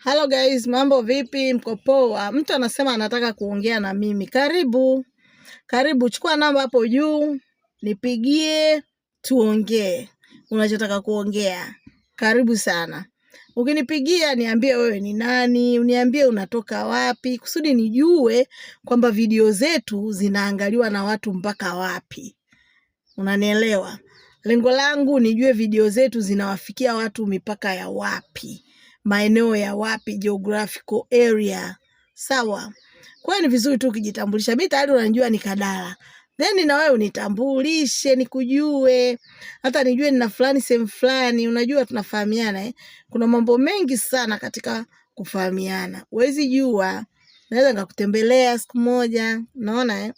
Hello guys, mambo vipi? Mko poa? Mtu anasema anataka kuongea na mimi. Karibu, karibu, chukua namba hapo juu, nipigie tuongee unachotaka kuongea. Karibu sana. Ukinipigia niambie wewe ni nani, uniambie unatoka wapi, kusudi nijue kwamba video zetu zinaangaliwa na watu mpaka wapi. Unanielewa? Lengo langu nijue video zetu zinawafikia watu mipaka ya wapi maeneo ya wapi, geographical area. Sawa, kwa hiyo ni vizuri tu ukijitambulisha. Mi tayari unanijua ni Kadala, then na wewe unitambulishe, nikujue, hata nijue nina fulani sehemu fulani. Unajua tunafahamiana eh? Kuna mambo mengi sana katika kufahamiana, huwezi jua, naweza nikakutembelea siku moja, naona eh?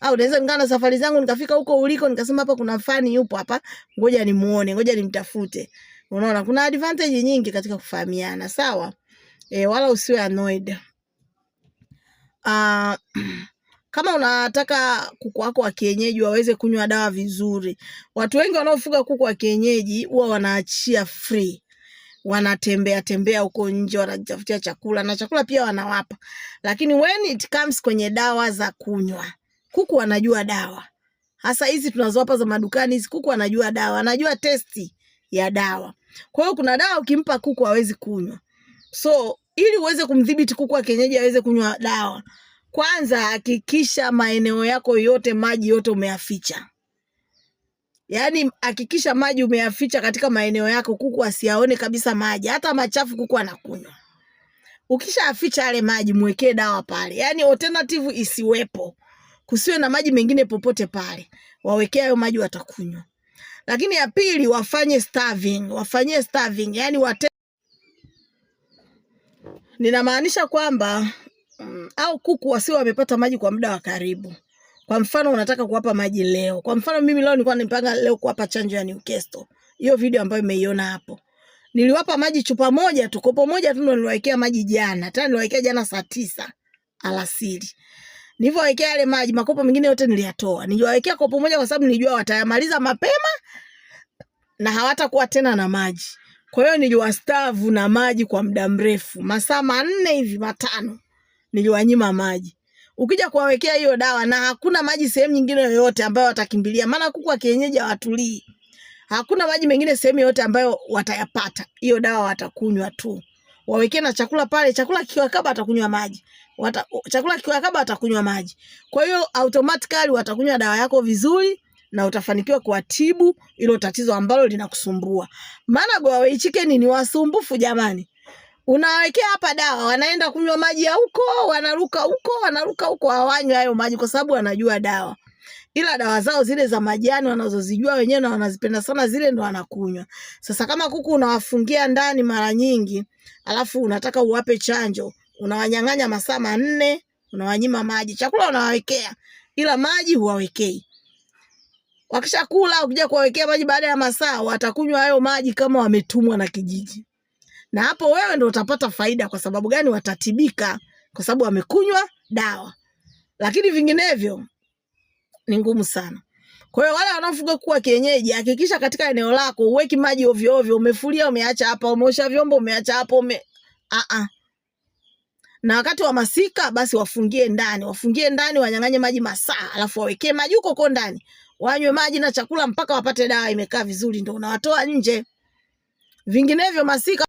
au naweza nikaa na safari zangu nikafika huko uliko nikasema, hapa kuna fani yupo hapa, ngoja nimuone, ngoja nimtafute. Unaona, kuna advantage nyingi katika kufahamiana, sawa e, wala usiwe annoyed. Uh, kama unataka kuku wako wa kienyeji waweze kunywa dawa vizuri, watu wengi wanaofuga kuku wa kienyeji huwa wanaachia free wanatembea tembea huko nje, wanajitafutia chakula na chakula pia wanawapa, lakini when it comes kwenye dawa za kunywa, kuku wanajua dawa, hasa hizi tunazowapa za madukani. Hizi kuku wanajua dawa, anajua testi ya dawa. Kwa hiyo kuna dawa ukimpa kuku hawezi kunywa. So ili uweze kumdhibiti kuku wa kienyeji aweze kunywa dawa, kwanza hakikisha maeneo yako yote maji yote umeyaficha. Yaani hakikisha maji umeyaficha katika maeneo yako, kuku asiyaone kabisa maji, hata machafu kuku anakunywa. aficha yale maji, mwekee dawa pale, yaani alternative isiwepo, kusiwe na maji mengine popote pale. Wawekee hayo maji, watakunywa. Lakini ya pili wafanye starving, wafanyie starving, yani wate ninamaanisha kwamba mm, au kuku wasio wamepata maji kwa muda wa karibu. Kwa mfano unataka kuwapa maji leo. Kwa mfano mimi leo nilikuwa nimepanga leo kuwapa chanjo ya Newcastle. Hiyo video ambayo imeiona hapo. Niliwapa maji chupa moja tu, kopo moja tu ndo niliwaekea maji jana. Tena niliwaekea jana saa tisa alasiri. Nilivyowekea yale maji, makopo mengine yote niliyatoa. Niliwawekea kopo moja kwa sababu nilijua watayamaliza mapema na hawatakuwa tena na maji. Kwa hiyo niliwastavu na maji kwa muda mrefu, masaa manne hivi matano, niliwanyima maji. Ukija kuwawekea hiyo dawa, na hakuna maji sehemu nyingine yoyote ambayo watakimbilia, maana kuku wa kienyeji hawatulii. Hakuna maji mengine sehemu yoyote ambayo watayapata. Hiyo dawa watakunywa tu, wawekee na chakula pale. Chakula kikiwakaba, watakunywa maji wata, chakula kikiwa kaba watakunywa maji. Kwa hiyo automatically watakunywa dawa yako vizuri na utafanikiwa kuwatibu hilo tatizo ambalo linakusumbua. Maana Go-Away Chicken ni wasumbufu jamani. Unawekea hapa dawa, wanaenda kunywa maji ya huko, wanaruka huko, wanaruka huko, hawanywi hayo maji kwa sababu wanajua dawa. Ila dawa zao zile za majani wanazozijua wenyewe na wanazipenda sana zile ndo wanakunywa. Sasa kama kuku unawafungia ndani mara nyingi, alafu unataka uwape chanjo, unawanyang'anya masaa manne, unawanyima maji, chakula unawawekea, ila maji huwawekei. Wakishakula ukija kuwawekea maji baada ya masaa, watakunywa hayo maji kama wametumwa na kijiji, na hapo wewe ndo utapata faida. Kwa sababu gani? Watatibika kwa sababu wamekunywa dawa, lakini vinginevyo ni ngumu sana. Kwa hiyo wale wanaofuga kuku wa kienyeji, hakikisha katika eneo lako uweki maji ovyo ovyo, umefulia umeacha hapa, umeosha vyombo umeacha hapo, ume a a na wakati wa masika basi wafungie ndani, wafungie ndani, wanyang'anye maji masaa, alafu wawekee maji huko huko ndani, wanywe maji na chakula mpaka wapate dawa imekaa vizuri, ndo unawatoa nje, vinginevyo masika